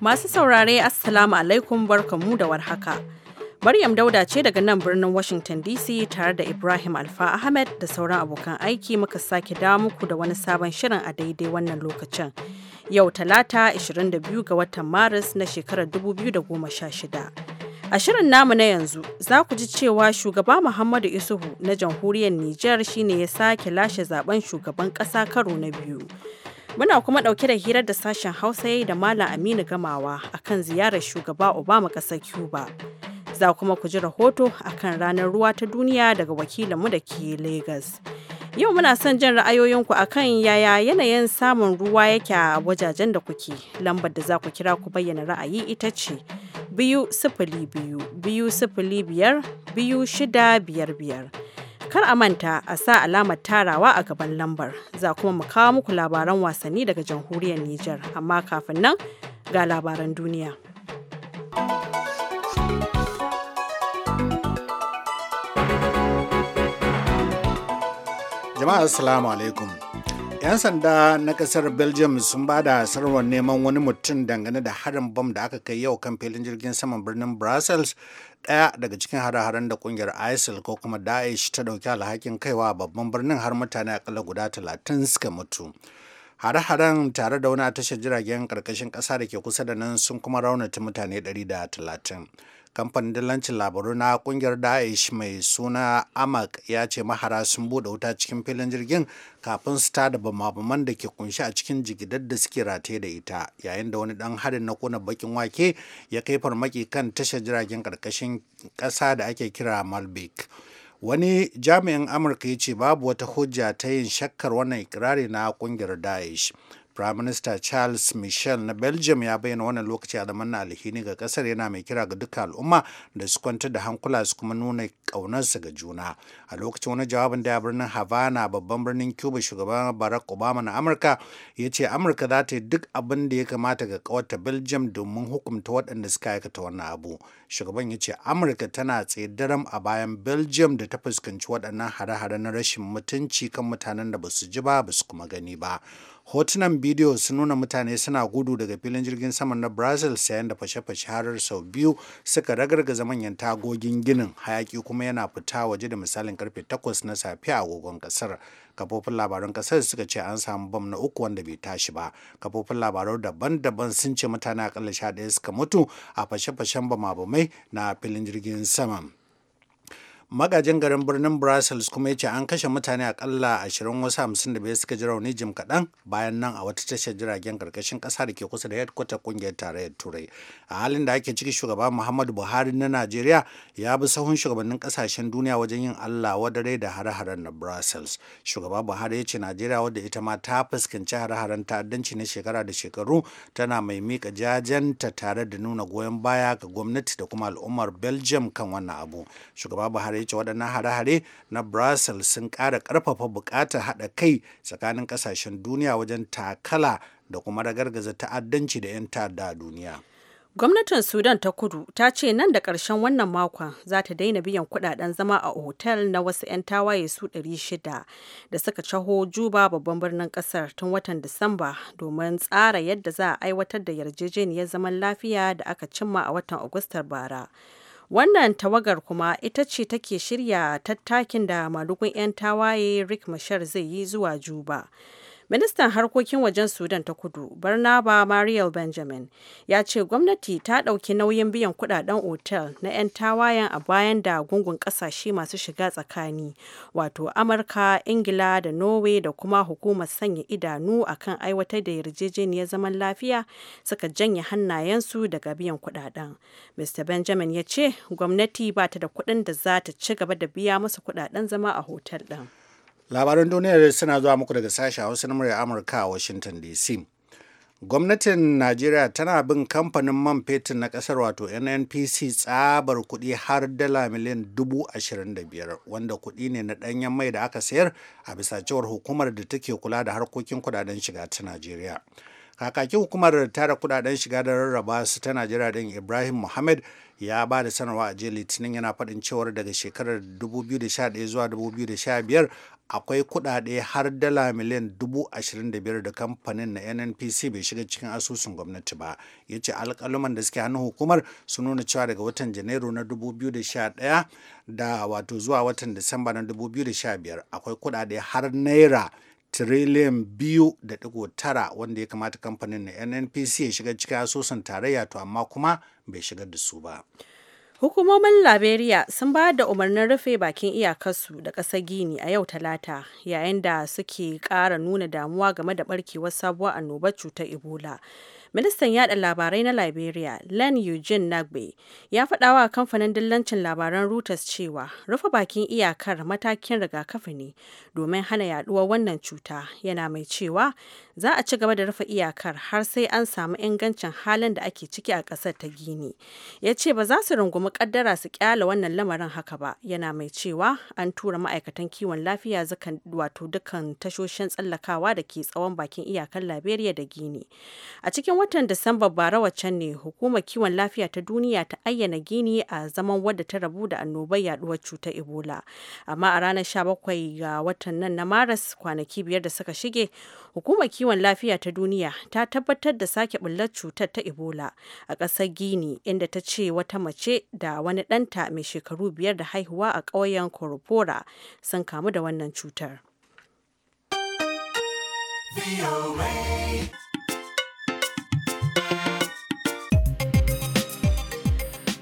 Masu saurare Assalamu alaikum mu da warhaka. Maryam Dauda ce daga nan birnin Washington DC tare da Ibrahim Alfa Ahmed da sauran abokan aiki muka sake dawo muku da wani sabon shirin a daidai wannan lokacin. Yau Talata 22 ga watan Maris na shekarar 2016. A shirin namu na yanzu za ku ji cewa shugaba Muhammadu Isuhu na jamhuriyar Nijar shine ya sake lashe zaben shugaban ƙasa karo na biyu Muna kuma ɗauke da hirar da sashen Hausa ya da Malam Aminu Gamawa akan ziyarar shugaba Obama ƙasar Cuba. Za kuma ku ji rahoto akan ranar ruwa ta duniya daga wakilinmu da ke Lagos. Yau muna son jin ra'ayoyinku akan yaya yanayin samun ruwa yake a wajajen da kuke. Lambar da za ku kira ku bayyana ra'ayi ita ce biyu sifili biyu biyu sifili biyar biyu shida biyar biyar. Kar a manta a sa alamar tarawa a gaban lambar. Za kuma mu kawo muku labaran wasanni daga jamhuriyar Nijar. Amma kafin nan ga labaran duniya. Jama'a Assalamu alaikum. 'Yan sanda na kasar Belgium sun ba da sarwar neman wani mutum dangane da harin bom da aka kai yau kan filin jirgin saman birnin Brussels daya daga cikin hare-haren da kungiyar ISIL ko kuma Daesh ta ɗauki alhakin kaiwa babban birnin har mutane akalla guda talatin suka mutu. Hare-haren tare da wani tashar jiragen karkashin kasa da ke kusa da nan sun kuma raunata mutane 130. kamfanin dillancin labaru na kungiyar daesh mai suna amak ya ce mahara sun bude wuta cikin filin jirgin kafin su tada bamabaman da ke kunshi a cikin jigidar da suke rataye da ita yayin da wani dan harin na kona bakin wake ya kai farmaki kan tashar jiragen karkashin kasa da ake kira malbec wani jami'in amurka ya ce babu wata hujja ta yin shakkar wannan ikirari na kungiyar daesh Minister Charles Michel na Belgium ya bayyana wannan lokaci a zaman alhini ga kasar yana mai kira ga duka al'umma da su kwantar da hankula su kuma nuna kaunarsa ga juna. A lokacin wani jawabin da ya birnin Havana babban birnin Cuba shugaban Barack Obama na Amurka ya ce Amurka za ta yi duk abin da ya kamata ga kawarta Belgium domin hukunta waɗanda suka aikata wannan abu. Shugaban ya ce Amurka tana tsaye daram a bayan Belgium da ta fuskanci waɗannan hare-hare na rashin mutunci kan mutanen da ba su ji ba ba su kuma gani ba. hotunan bidiyo sun nuna mutane suna gudu daga filin jirgin saman na brazil sayan da fashe-fashe harar sau biyu suka ragargaza manyan tagogin ginin hayaki kuma yana fita waje da misalin karfe 8 na safiya a agogon kasar kafofin labaran kasar suka ce an samu bam na uku wanda bai tashi ba kafofin labarau daban-daban sun ce mutane akalla 11 suka mutu a fashe-fashen bama-bamai na filin jirgin saman magajin garin birnin brussels kuma ya ce an kashe mutane akalla ashirin wasu hamsin da suka ji rauni jim kaɗan bayan nan a wata tashar jiragen karkashin ƙasa da ke kusa da headquarter ƙungiyar tarayyar turai a halin da ake ciki shugaba muhammadu buhari na najeriya ya bi sahun shugabannin ƙasashen duniya wajen yin allah wadare da hare-haren na brussels shugaba buhari ya ce najeriya wadda ita ma ta fuskanci hare-haren ta'addanci na shekara da shekaru tana mai mika jajenta tare da nuna goyon baya ga gwamnati da kuma al'ummar belgium kan wannan abu shugaba buhari ya ce waɗannan hare-hare na brussels sun ƙara ƙarfafa buƙatar haɗa kai tsakanin ƙasashen duniya wajen takala da kuma ragargaza ta'addanci da 'yan ta'adda a duniya Gwamnatin Sudan ta kudu ta ce nan da ƙarshen wannan makon za ta daina biyan kuɗaɗen zama a otal na wasu 'yan tawaye su 600 da suka caho Juba babban birnin ƙasar tun watan Disamba domin tsara yadda za a aiwatar da yarjejeniyar zaman lafiya da aka cimma a watan Agustar bara. Wannan tawagar kuma ita ce take shirya tattakin da malukun 'yan tawaye Rick Mashar zai yi zuwa Juba. Ministan harkokin wajen Sudan ta kudu, Barnaba Mariel Benjamin, ya ce gwamnati ta ɗauki nauyin biyan kudaden otel na 'yan tawayen a bayan da gungun ƙasashe masu shiga tsakani, wato Amurka, Ingila da Norway da kuma hukumar sanya idanu akan aiwatar da yarjejeniyar zaman lafiya suka janye hannayensu daga biyan kudaden. Mr. Benjamin ya ce gwamnati ba ta da kuɗin da za ta ci gaba da biya musu kudaden zama a hotel ɗin. labaran duniyar suna zuwa muku daga sashen hausa na murya amurka a washington dc gwamnatin najeriya tana bin kamfanin man fetur na kasar wato nnpc tsabar kuɗi har dala miliyan dubu ashirin da biyar wanda kuɗi ne na ɗanyen mai da aka sayar a bisa cewar hukumar da take kula da harkokin kudaden shiga ta najeriya kakakin hukumar tara kudaden shiga da rarraba su ta najeriya din ibrahim muhammad ya ba da sanarwa a jiya litinin yana faɗin cewar daga shekarar 2011 zuwa 2015 akwai kuɗaɗe har dala miliyan dubu ashirin da biyar da kamfanin na nnpc bai shiga cikin asusun gwamnati ba ya ce alkaluman da suke hannu hukumar su nuna cewa daga watan janairu na 2011 da wato zuwa watan disamba na 2015 akwai kuɗaɗe har naira tiriliyan biyu da digo tara wanda ya kamata kamfanin na nnpc ya shiga cikin asusun tarayya to amma kuma bai shiga da su ba. Hukumomin Liberia sun bayar da umarnin rufe bakin iyakarsu da ƙasar Gini a yau Talata, yayin da suke ƙara nuna damuwa game da barkewar sabuwar annobar cutar Ebola. Ministan yaɗa labarai na Liberia, Len Eugene Nagbe, ya faɗa wa kamfanin dillancin labaran Reuters cewa rufe bakin iyakar matakin rigakafi ne domin hana yaduwar wannan cuta, yana mai cewa za a ci gaba da rufe iyakar har sai an samu ingancin halin da ake ciki a ƙasar ta gini ya ce ba za su rungumi kaddara su kyala wannan lamarin haka ba yana mai cewa an tura ma'aikatan kiwon lafiya zukan wato dukkan tashoshin tsallakawa da ke tsawon bakin iyakar liberia da gini a cikin watan disamba bara waccan ne hukumar kiwon lafiya ta duniya ta ayyana gini a zaman wadda ta rabu da annobar yaduwar cutar ebola amma a ranar 17 ga watan nan na maras kwanaki biyar da suka shige hukumar kiwon kiwon lafiya ta duniya ta tabbatar da sake bullar cutar ta Ebola a ƙasar Gini inda ta ce wata mace da wani ɗanta mai shekaru biyar da haihuwa a ƙauyen Koropora sun kamu da wannan cutar.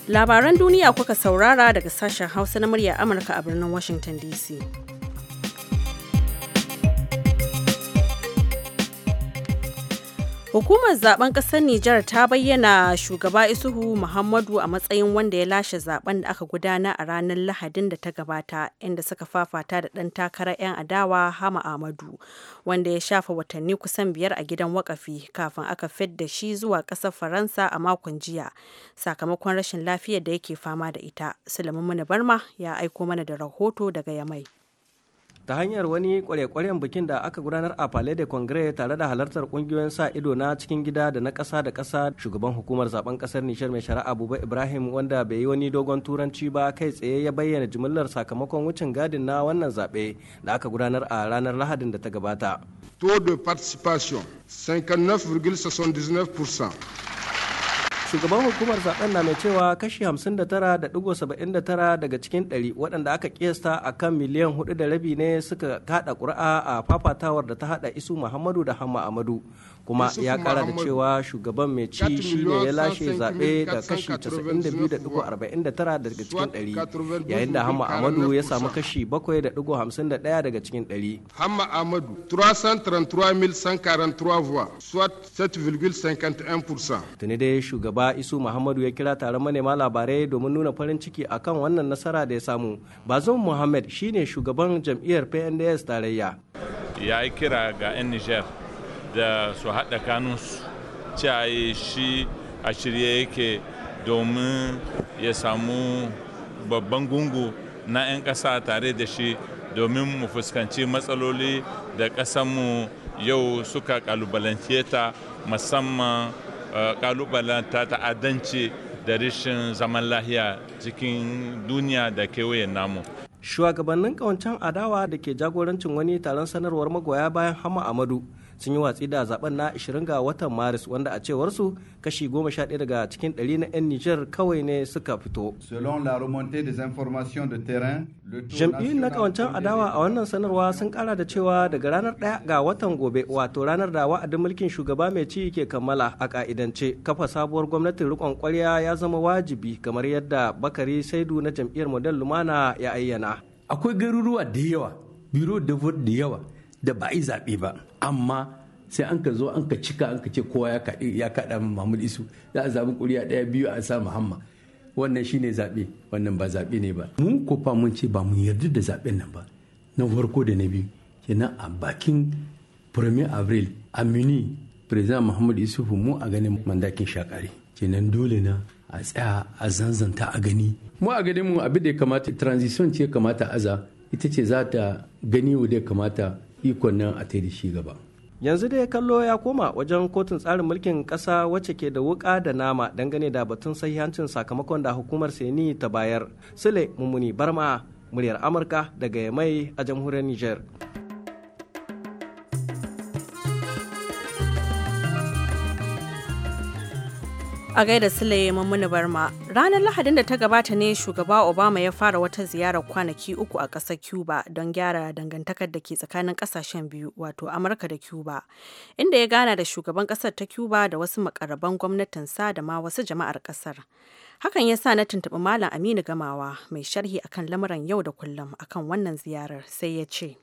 Labaran duniya kuka saurara daga sashen Hausa na murya Amurka a birnin Washington DC. Hukumar zaben ƙasar Nijar ta bayyana shugaba Isuhu Muhammadu a matsayin wanda ya lashe zaben da aka gudana a ranar Lahadin da ta gabata inda suka fafata da ɗan takarar 'yan adawa Hama Ahmadu wanda ya shafa watanni kusan biyar a gidan wakafi kafin aka fidda shi zuwa ƙasar Faransa a makon jiya sakamakon rashin lafiyar da yake fama da ita. Sulaiman Barma ya aiko mana da rahoto daga Yamai. ta hanyar wani kwarekwaren bikin da aka gudanar a Palais de Congrès tare da halartar kungiyoyin sa ido na cikin gida da na kasa da kasa shugaban hukumar zaben ƙasar Nishar mai shari'a Abuba Ibrahim wanda bai yi wani dogon turanci ba kai tsaye ya bayyana jimillar sakamakon wucin gadin na wannan zaɓe da aka gudanar a ranar Lahadin da ta gabata. Taux de participation 59,79%. shugaban hukumar zaben na mai cewa kashi 59.79 daga cikin 100 waɗanda aka kiyasta a kan miliyan 4.5 da rabi ne suka kaɗa ƙuri'a a fafatawar da ta haɗa isu muhammadu da hamma amadu kuma ya kara da cewa shugaban mai ci shine ya lashe zaɓe da kashi 92.49 daga cikin 100 yayin da hamma amadu ya samu kashi 7.51 daga cikin 100 hamma amadu 333,143 voix soit 7,51% tuni dai shugaba isu muhammadu ya kira taron manema labarai domin nuna farin ciki akan wannan nasara da ya samu bazon muhammad shine shugaban jam'iyyar pnds tarayya ya yi kira ga 'yan niger da su haɗa kanunsu yi shi a shirye yake domin ya samu babban gungu na 'yan ƙasa tare da shi domin mu fuskanci matsaloli da ƙasanmu yau suka ƙalubalance ta musamman eh, ƙalubalen ta ta'addanci da rishin zaman lahiya cikin duniya da kewayen namu. Shugabannin kawancen adawa da ke jagorancin wani taron sanarwar magoya bayan Hama Amadu sun yi watsi da zaben na 20 ga watan maris wanda a cewar su kashi 11 daga cikin 100 na 'yan nijar kawai ne suka fito jam'iyyun na kawancan adawa a wannan sanarwa sun kara da cewa daga ranar 1 ga watan gobe wato ranar da wa'adin mulkin shugaba mai ci ke kammala a ka'idance kafa sabuwar gwamnatin rikon kwarya ya zama wajibi kamar yadda bakari saidu na jam'iyyar model lumana ya ayyana akwai garuruwa da yawa biro da yawa da ba a yi zaɓe ba amma sai an ka zo an ka cika an ka ce kowa ya kaɗi ya kaɗa Muhammad Isu za a zaɓi ƙuri'a ɗaya biyu a sa Muhammad wannan shi ne zaɓe wannan ba zaɓe ne ba mun ko fa mun ce ba mun yarda da zaɓen nan ba na farko da na biyu kenan a bakin 1 avril a mini president Muhammad Isufu mu a ganin mandakin shakari kenan dole na a tsaya a zanzanta a gani mu a ganin mu abin da ya kamata transition ce kamata aza ita ce za ta gani da ya kamata ikon nan a shi gaba yanzu dai kallo ya koma wajen kotun tsarin mulkin kasa wacce ke da wuka da nama dangane da batun sahihancin sakamakon da hukumar seni ta bayar sule mummuni barma muryar amurka daga yamai a jamhuriyar niger a gaida Sule Mummuni Barma. Ranar Lahadin da ta gabata ne shugaba Obama ya fara wata ziyarar kwanaki uku a ƙasar Cuba don gyara dangantakar da ke tsakanin ƙasashen biyu wato Amurka da Cuba, inda ya gana da shugaban ƙasar ta Cuba da wasu makaraban gwamnatinsa da ma wasu jama'ar ƙasar. Hakan ya sa na tuntuɓi Malam Aminu Gamawa mai sharhi akan lamuran yau da kullum akan wannan ziyarar sai ya ce.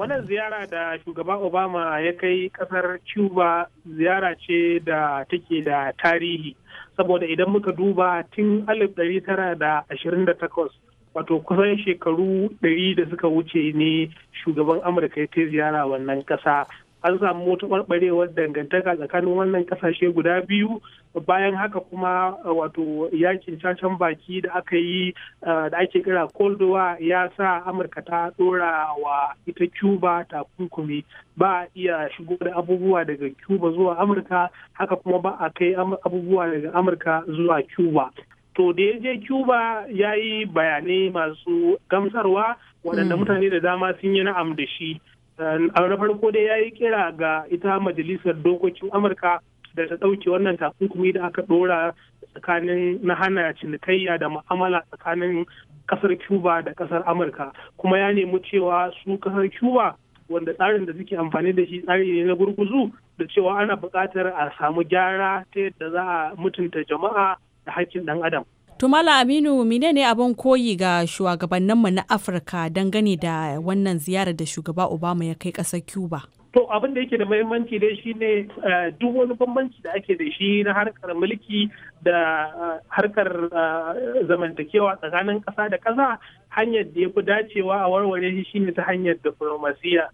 wannan ziyara da shugaba obama ya kai kasar cuba ziyara ce da take da tarihi saboda idan muka duba tun 1928 wato kusan shekaru 100 da suka wuce ne shugaban amurka ya ta ziyara wannan kasa an samu taɓarɓarewar dangantaka tsakanin wannan ƙasashe guda biyu bayan haka kuma uh, wato yakin cancan baki da aka yi uh, da ake kira cold ya sa amurka ta dora wa ita cuba takunkumi ba a iya shigo da abubuwa daga cuba zuwa amurka haka kuma ba a kai abubuwa daga amurka zuwa cuba to da ya je cuba ya yi bayanai masu gamsarwa waɗanda hmm. mutane da dama sun yi na'am da shi a na farko dai ya yi kira ga ita majalisar dokokin amurka da ta ɗauke wannan takunkumi da aka ɗora tsakanin na hana cinikayya da ma'amala tsakanin kasar cuba da kasar amurka kuma ya nemi cewa su kasar cuba wanda tsarin da suke amfani da shi tsari ne na gurguzu da cewa ana bukatar a samu gyara ta yadda za a mutunta jama'a da haƙƙin ɗan adam Tumala Aminu menene abin koyi ga shugabanninmu na Afirka dangane da wannan ziyarar da shugaba Obama ya kai ƙasar Cuba? To abin da yake da mahimmanci dai shi ne eh, duk wani bambanci da ake da shi na harkar mulki da eh, harkar eh, zamantakewa tsakanin ƙasa da ƙasa hanyar da ya fi dacewa a warware shi ne ta hanyar diflomasiya.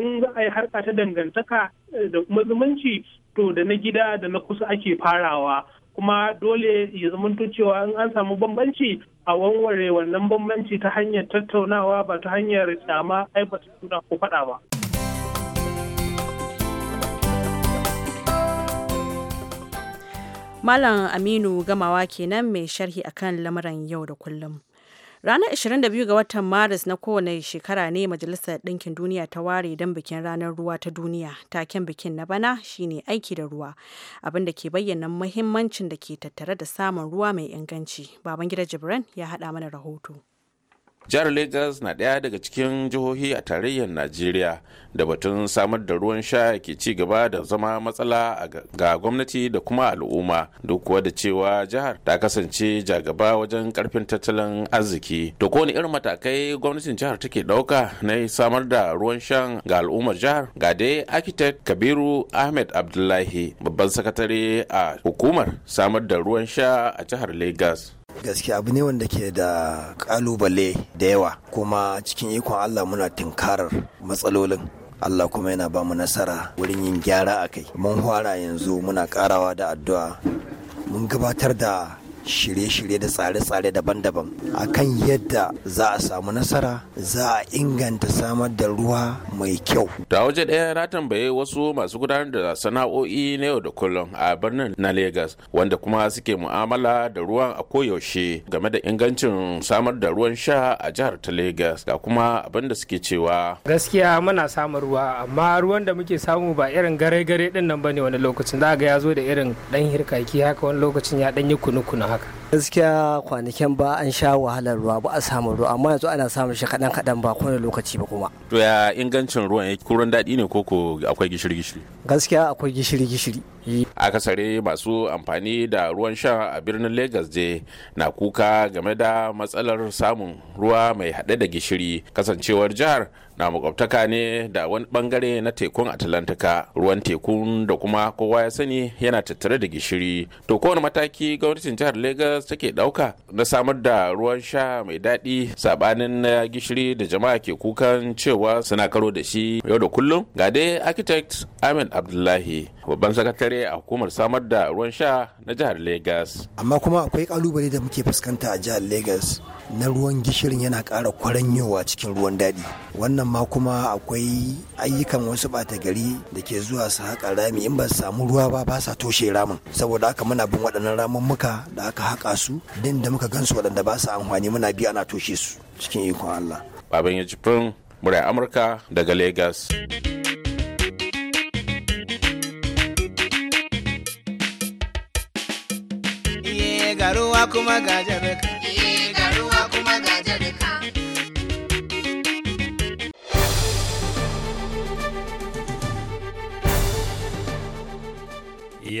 In za a yi harka ta dangantaka da kuma zumunci to da na gida da na kusa ake farawa. kuma dole ya zamanto cewa in an samu bambanci a wanware wannan bambanci ta hanyar tattaunawa ba ta hanyar dama aibata suna ko faɗa ba. Malam Aminu Gamawa kenan mai sharhi akan lamuran yau da kullum. Ranar 22 ga watan Maris na kowane shekara ne Majalisar Ɗinkin Duniya ta ware don bikin ranar ruwa ta duniya. Taken bikin na bana shine aiki da ruwa, abin da ke bayyana muhimmancin da ke tattare da samun ruwa mai inganci. Babangida Jibran ya haɗa mana rahoto. jihar lagos na ɗaya daga cikin jihohi a tarayyar najeriya da batun samar da ruwan sha ke ci gaba da zama matsala ga gwamnati da kuma al'umma duk kuwa da cewa jihar ta kasance jagaba wajen karfin tattalin arziki Da kowane irin matakai gwamnatin jihar take ɗauka na samar da ruwan shan ga al'ummar jihar ga dai architect kabiru ahmed abdullahi babban sakatare a hukumar samar da ruwan sha a jihar lagos gaskiya abu ne wanda ke da kalubale da yawa kuma cikin ikon allah muna tinkarar matsalolin Allah kuma yana ba mu nasara wurin yin gyara a kai. Mun fara yanzu muna karawa da addu'a. Mun gabatar da shirye-shirye da tsare-tsare daban-daban a kan yadda za a samu nasara za a inganta samar da ruwa mai kyau. Ta waje ɗaya na tambaye wasu masu gudanar da sana'o'i na yau da kullum a birnin na Legas wanda kuma suke mu'amala da ruwan a koyaushe game da ingancin samar da ruwan sha a jihar ta Legas da kuma abin da suke cewa. Gaskiya muna samun ruwa amma ruwan da muke samu ba irin gare-gare dinnan nan ne wani lokacin za ga ya zo da irin ɗan hirkaki haka wani lokacin ya ɗan yi kunu-kunu haka gaskiya kwanakin ba an sha wahalar ruwa ba a samu ruwa amma yanzu ana samun shi kaɗan kaɗan ba kowane lokaci ba kuma to ya ingancin ruwan yake kuran daɗi ne koko akwai gishiri gishiri gaskiya akwai gishiri gishiri akasare masu amfani da ruwan sha a birnin Legas je na kuka game da matsalar samun ruwa mai haɗe da gishiri kasancewar jihar na makwabtaka ne da wani bangare na tekun atlantika ruwan tekun da kuma kowa ya sani yana tattare da gishiri to kowane mataki gwamnatin jihar lagos take dauka na samar da ruwan sha mai daɗi sabanin na gishiri da jama'a ke kukan cewa suna karo da shi yau da kullum ga dai architect ahmed abdullahi babban sakatare a hukumar samar da ruwan sha na jihar lagos amma kuma akwai kalubale da muke fuskanta a jihar lagos na ruwan gishirin yana ƙara kwaranyowa cikin ruwan daɗi wannan amma kuma akwai ayyukan wasu bata gari da ke zuwa su haƙa rami in ba samu ruwa ba ba sa toshe ramin saboda haka muna bin waɗannan muka da aka haƙa su din da muka gansu waɗanda ba su amfani muna biya ana toshe su cikin ikon Allah. Baban ya jifin murai Amurka daga Lagos. Garuwa kuma ga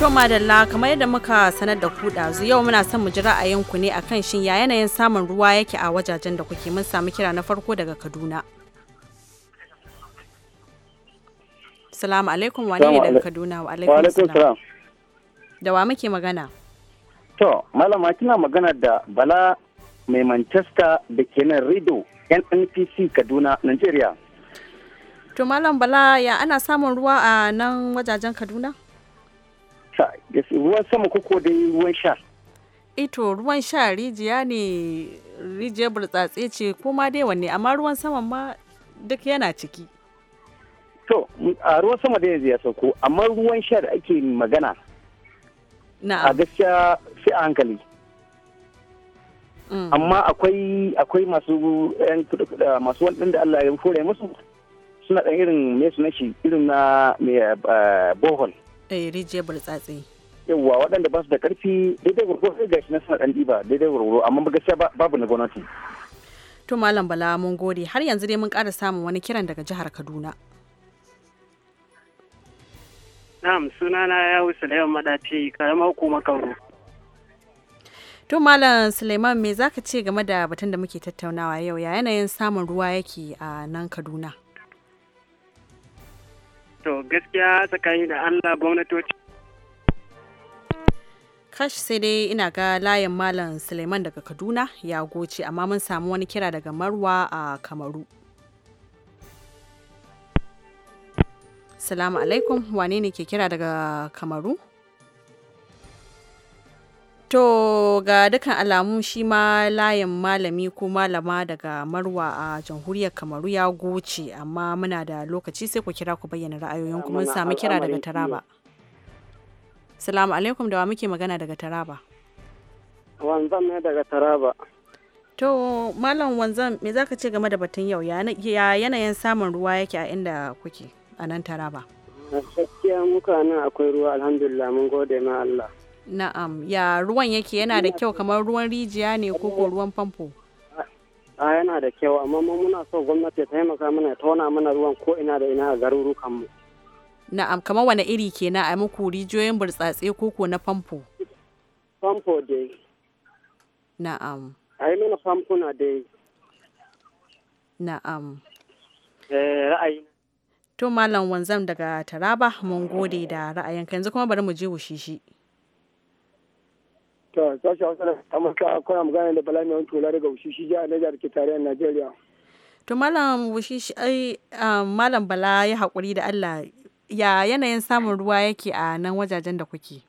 To madalla kamar yadda muka sanar da ku ɗazu yau muna son mu ji ra'ayinku ne akan shin ya yanayin samun ruwa yake a wajajen da kuke mun samu kira na farko daga Kaduna. Salamu alaikum wane ne daga Kaduna wa alaikum salam. Da wa muke magana? To malama kina magana da Bala mai Manchester da ke nan Rido NNPC Kaduna Nigeria. To malam Bala ya ana samun ruwa a nan wajajen Kaduna? sa ruwan sama koko da ruwan sha ito ruwan sha rijiya ne rijiyar burtsatse ce ma dai wanne amma ruwan sama ma duk yana ciki to a ruwan sama da yanzu ya sauko amma ruwan sha da ake magana a gaskiya sai a hankali mm. amma akwai akwai masu masu wanda Allah ya fure musu suna ɗan irin me su na shi irin na eh, bohol Eh, rijiyar burtsatse yawwa waɗanda ba su da karfi daidai sai ga shi na suna ɗan ɗiba daidai gurgurdo amma gaskiya babu na gwamnati to malam bala mun gode har yanzu dai mun ƙara samun wani kiran daga jihar kaduna na'am na ya wuce da yawan madaci karamar hukumar kauro to malam suleiman me zaka ce game da batun da muke tattaunawa yau ya yanayin samun ruwa yake a nan kaduna To gaskiya tsakani da Allah gwamnatoci. Kash sai dai ina ga layin Malam Suleiman daga Kaduna ya goce amma mun samu wani kira daga Marwa a Kamaru. Salamu alaikum wane ne ke kira daga Kamaru? To ga dukkan alamu shi ma layin malami ko malama daga Marwa a jamhuriyar Kamaru ya goce amma muna da lokaci sai ku kira ku bayyana ra'ayoyin kuma samu kira daga Taraba. Salamu alaikum da wa muke magana daga Taraba. wanzan ne daga Taraba. To Malam wanzan me zaka ce game da batun yau ya yanayin samun ruwa yake a inda kuke a nan Taraba? Gaskiya muka nan akwai ruwa alhamdulillah mun gode ma Allah. Na'am, ya ruwan yake yana da kyau kamar ruwan rijiya ne ko ko ruwan famfo? A yana da kyau amma muna so gwamnati ta taimaka mana tona mana ruwan ko ina da ina a garurukan mu. Na'am, kamar wani iri kenan a muku rijiyoyin burtsatse ko ko na famfo? Famfo dai. Na'am. A yi mana famfuna dai. Na'am. Eh, ra'ayi. To Malam Wanzam daga Taraba mun gode da ra'ayinka yanzu kuma bari mu je wushishi. shi. To, sashi Hausa da Amurka kuna magana da Bala Mai Tula daga Wushishi jihar Niger da ke tarayyar Najeriya. To, Malam Wushishi, ai, Malam Bala ya haƙuri da Allah, ya yanayin samun ruwa yake a nan wajajen da kuke?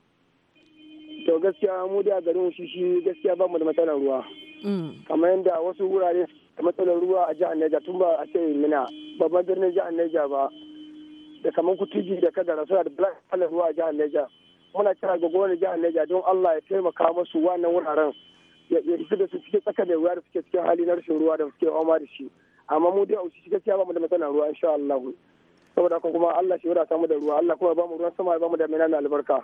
To, gaskiya mu da garin Wushishi gaskiya ba mu da matsalar ruwa. Mm. Kamar yadda wasu wurare da matsalar ruwa a jihar Niger tun ba a ce mina babban birnin jihar Niger ba. Da kamar kutiji da kadara suna da bala ruwa a jihar Niger. muna kira ga gwamnati jihar Niger don Allah ya taimaka musu wannan wuraren ya isa da su cikin tsaka da ruwa da suke cikin hali na rashin ruwa da suke oma da shi amma mu dai a wuce gaskiya ba mu da matsalar ruwa insha Allah saboda haka kuma Allah shi wadata mu da ruwa Allah kuma ba mu ruwan sama ba mu da mai albarka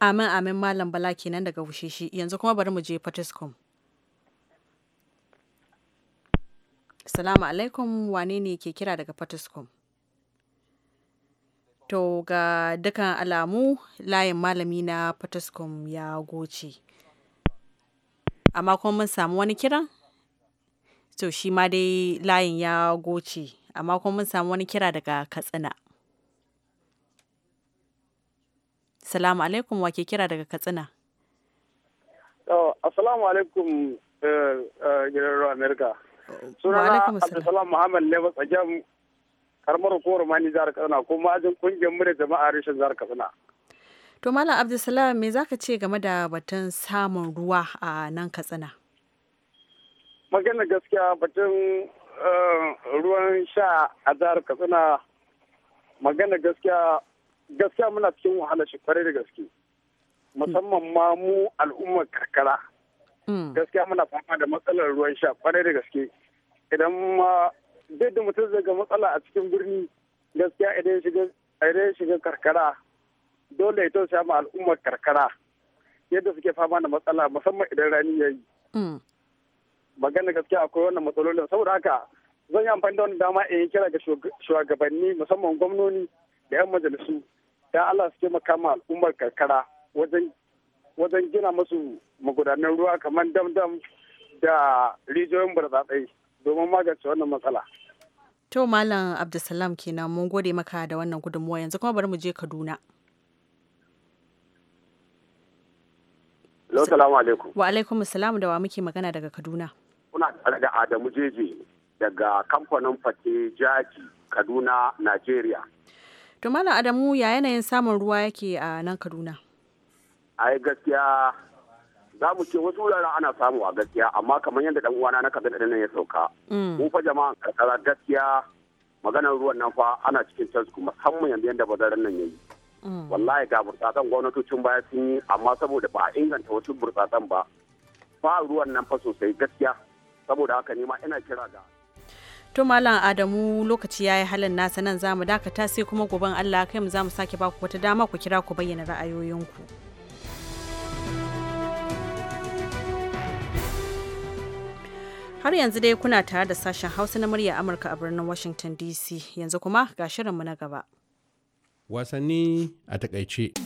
amin amin malam bala kenan daga wushishi yanzu kuma bari mu je Fatiskum Assalamu alaikum wane ne ke kira daga Fatiskum to ga dukkan alamu layin malami na fataskom ya goce amma kuma mun samu wani kiran to shi ma dai layin ya goce amma kuma mun samu wani kira daga katsina salamu alaikum wake kira daga katsina assalamu alaikum eh, eh, gidan amerika sunana abdulsalam muhammad lebas a jam karamar hukumar mani jihar katsina ko ma'ajin kungiyar mu da jama'a rashin jihar katsina to malam abdulsalam me zaka ce game da batun samun ruwa a nan katsina magana gaskiya batun eh, ruwan sha a jihar katsina magana gaskiya gaskiya muna cikin wahala shi kwarai da gaske musamman ma mu al'ummar karkara hmm. gaskiya muna fama da matsalar ruwan sha kwarai da gaske idan ma duk da mutum zai ga matsala a cikin birni gaskiya idan shiga idan shiga karkara dole ya tausaya ma al'ummar karkara yadda suke fama da matsala musamman idan rani ya yi. Magana mm. gaskiya akwai wannan matsalolin saboda haka zan yi amfani da wani dama in kira ga shugabanni musamman gwamnoni da 'yan majalisu da Allah su ke ma al'ummar karkara wajen wajen gina masu magudanan ruwa kamar dam-dam da rijiyoyin barzatsai domin magance wannan matsala. To Malam Abdulsalam kenan mun gode maka da wannan gudunmuwa yanzu kuma bari mu je Kaduna. Assalamu alaikum. Wa alaikum salam da wa muke magana daga Kaduna. Kuna tare da Adamu Jeje daga kamfanin Fate Jaji Kaduna, Nigeria. To Malam Adamu ya yanayin samun ruwa yake a nan Kaduna? Ai gaskiya za mu ce wasu wuraren ana samu a gaskiya amma kamar yadda dan uwana na kaga nan ya sauka mm. mu fa jama'an karkara gaskiya maganar ruwan nan fa ana cikin kuma musamman yanzu yadda bazaran nan yayi mm. wallahi ga burtsatsan gwamnatocin baya sun yi amma saboda ba a inganta wasu burtsatsan ba fa ruwan nan fa sosai gaskiya saboda haka ne ma ina kira ga to malam adamu lokaci yayi halin nasa nan zamu dakata sai kuma goben Allah kai mu zamu sake baku wata dama ku kira ku bayyana ra'ayoyinku. Har yanzu dai kuna tare da sashen Hausa na murya Amurka a birnin Washington DC. Yanzu kuma ga shirinmu na gaba. Wasanni a takaice.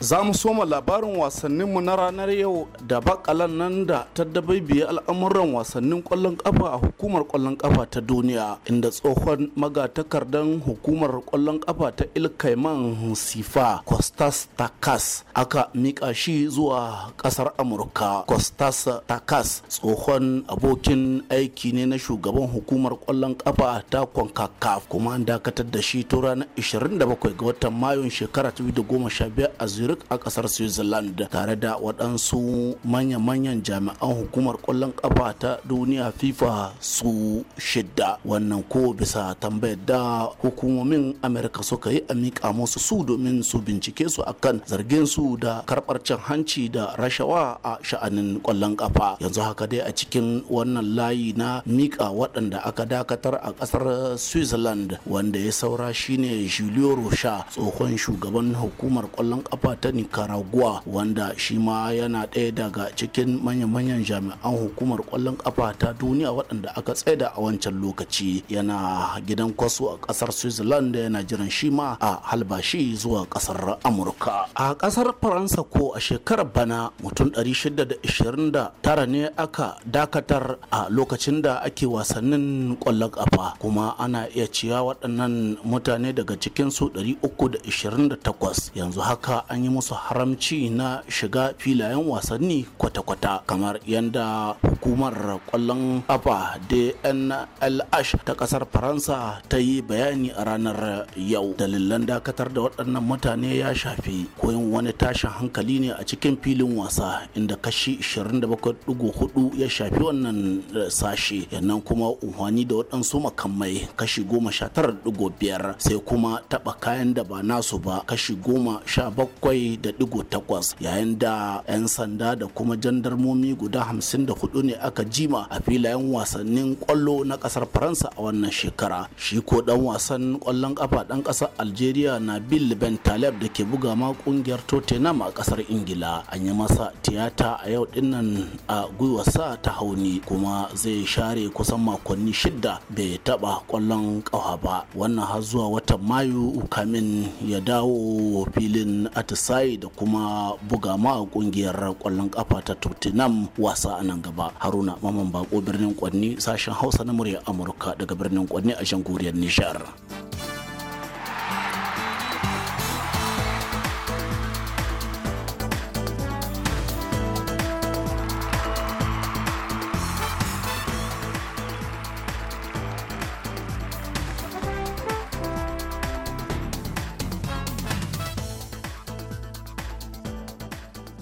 za mu soma labarin wasanninmu na ranar yau da bakalan nan da ta dabaibiye al'amuran wasannin kwallon kafa a hukumar kwallon kafa ta duniya inda tsohon magatakardan hukumar kwallon kafa ta ilkaiman sifa costas takas aka mika shi zuwa kasar amurka costas takas tsohon abokin aiki ne na shugaban hukumar kwallon kafa ta concacaf kuma an dakatar da shi to ranar 27 ga watan mayun shekara 2015 a zurich a kasar switzerland tare da waɗansu manya-manyan jami'an hukumar ƙwallon ƙafa ta duniya fifa su shidda wannan ko bisa tambayar da hukumomin amerika suka yi a miƙa musu su domin su bincike su akan zargin su da karɓar cin hanci da rashawa a sha'anin ƙwallon ƙafa yanzu haka dai a cikin wannan layi na miƙa waɗanda aka dakatar a ƙasar switzerland wanda ya saura shine julio rocha tsohon shugaban hukumar ƙwallon ƙafa ta nicaragua wanda shi ma yana ɗaya daga cikin manya-manyan jami'an hukumar kwallon kafa ta duniya waɗanda aka tsaida a wancan lokaci yana gidan kwaso a ƙasar switzerland yana jiran shi ma a halbashi zuwa ƙasar amurka a ƙasar faransa ko a shekarar bana mutum 629 ne aka dakatar a lokacin da ake wasannin kwallon kafa kuma ana iya ciya waɗannan mutane daga cikinsu 328 yanzu haka an yi yi musu haramci na shiga filayen wasanni kwata-kwata kamar yadda hukumar kwallon kafa dnlh ta kasar faransa ta yi bayani a ranar yau dalilan dakatar da waɗannan mutane ya shafi koyon wani tashin hankali ne a cikin filin wasa inda kashi 27.4 ya shafi wannan sashe yannan kuma umfani da waɗansu makamai kashi 19.5 sai kuma taɓa kayan da ba nasu ba kashi 17 bakwai yayin da 'yan sanda da kuma jandarmomi guda hamsin da hudu ne aka jima a filayen wasannin kwallo na kasar faransa a wannan shekara shi ko dan wasan kwallon kafa dan kasar algeria na bill ben taleb da ke buga ma kungiyar tottenham a kasar ingila an yi masa tiyata a yau dinnan a gwiwarsa ta hauni kuma zai share kusan makonni shidda bai taba kwallon kafa ba wannan har zuwa watan mayu kamin ya dawo filin atis atisayi da kuma buga ma kungiyar kwallon kafa ta tottenham wasa a nan gaba haruna maman bako birnin kwanni sashen hausa na murya amurka daga birnin kwanni a jamhuriyar nishar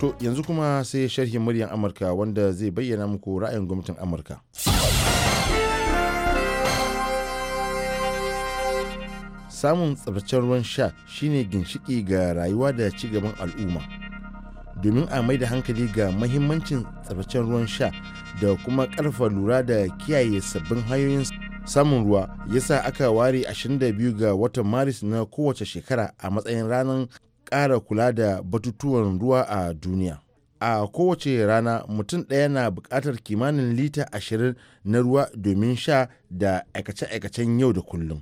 To yanzu kuma sai sharhin muryar Amurka wanda zai bayyana muku ra'ayin gwamnatin Amurka. Samun tsabtacen ruwan sha shine ginshiki ga rayuwa da ci gaban al'umma. Domin a mai da hankali ga mahimmancin tsabtacen ruwan sha da kuma ƙarfa lura da kiyaye sabbin hanyoyin samun ruwa yasa aka ware 22 ga watan maris na kowace shekara a matsayin ranar ƙara kula da batutuwan ruwa a duniya. A kowace rana mutum ɗaya na buƙatar kimanin lita ashirin na ruwa domin sha da aikace-aikacen yau da kullum.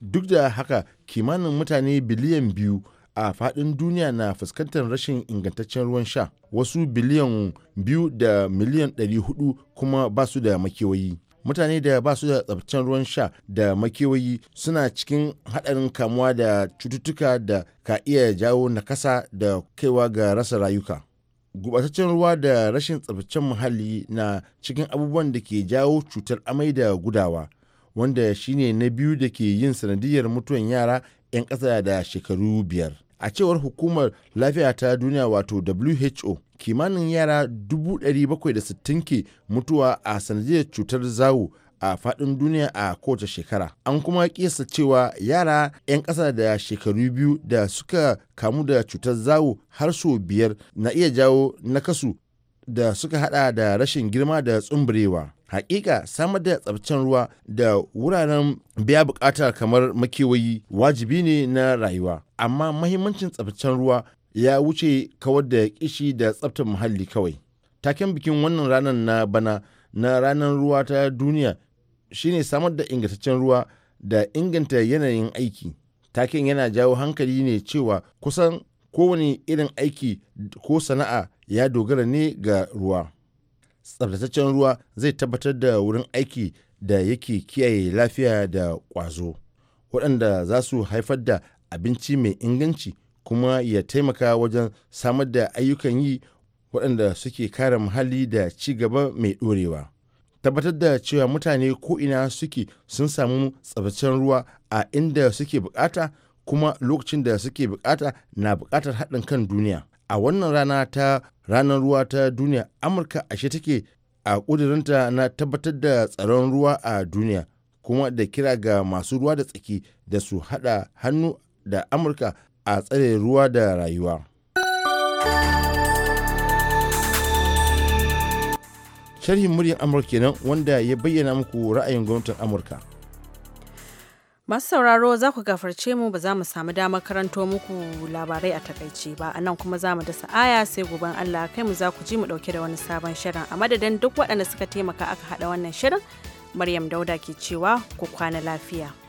Duk da haka kimanin mutane biliyan biyu a faɗin duniya na fuskantar rashin ingantaccen ruwan sha wasu biliyan biyu da miliyan ɗari hudu kuma ba su da makewayi mutane da ba su da tsabtacen ruwan sha da makewayi suna cikin haɗarin kamuwa da cututtuka da ka iya jawo nakasa da kaiwa ga rasa rayuka gubataccen ruwa da rashin tsabtacen muhalli na cikin abubuwan da ke jawo cutar amai da gudawa wanda shine na biyu da ke yin sanadiyar mutuwan yara 'yan ƙasa da shekaru biyar a cewar hukumar lafiya ta duniya wato who kimanin yara 760 ke mutuwa a sanadiyar cutar zawo a faɗin duniya a kowace shekara an kuma kiyasta cewa yara 'yan ƙasa da shekaru biyu da suka kamu da cutar zawo har sau biyar na iya jawo nakasu da suka hada da rashin girma da tsumburewa hakika samar da tsabtacen ruwa da wuraren biya bukata kamar makewayi wajibi ne na rayuwa amma mahimmancin tsabtacen ruwa ya wuce kawar da kishi da tsabtar muhalli kawai taken bikin wannan ranar na bana na ranar ruwa ta duniya shine samar da ingantaccen ruwa da inganta yanayin aiki taken yana jawo hankali ne cewa kusan kowane irin aiki ko sana'a ya dogara ne ga ruwa tsabtataccen ruwa zai tabbatar da wurin aiki da yake kiyaye lafiya da ƙwazo waɗanda za su haifar da abinci mai inganci kuma ya taimaka wajen samar da ayyukan yi waɗanda suke kare muhalli da ci gaba mai ɗorewa. tabbatar da cewa mutane ko ina suke sun samu tsabacin ruwa a inda suke bukata kuma lokacin da suke bukata na bukatar haɗin kan duniya a wannan rana ta ranar ruwa ta duniya amurka ashe take a ƙudurinta na tabbatar da tsaron ruwa a duniya kuma da kira ga masu ruwa da tsaki da su haɗa hannu da amurka a tsare ruwa da rayuwa sharhin muryar amurka kenan wanda ya bayyana muku ra'ayin gwamnatin amurka Masu sauraro za ku gafarce mu ba za mu samu damar karanto muku labarai a takaice ba, a nan kuma za mu dasa aya sai guban Allah kai mu za ku ji mu dauke da wani sabon shirin a madadin duk waɗanda suka taimaka aka haɗa wannan shirin. Maryam Dauda ke cewa ku kwana lafiya.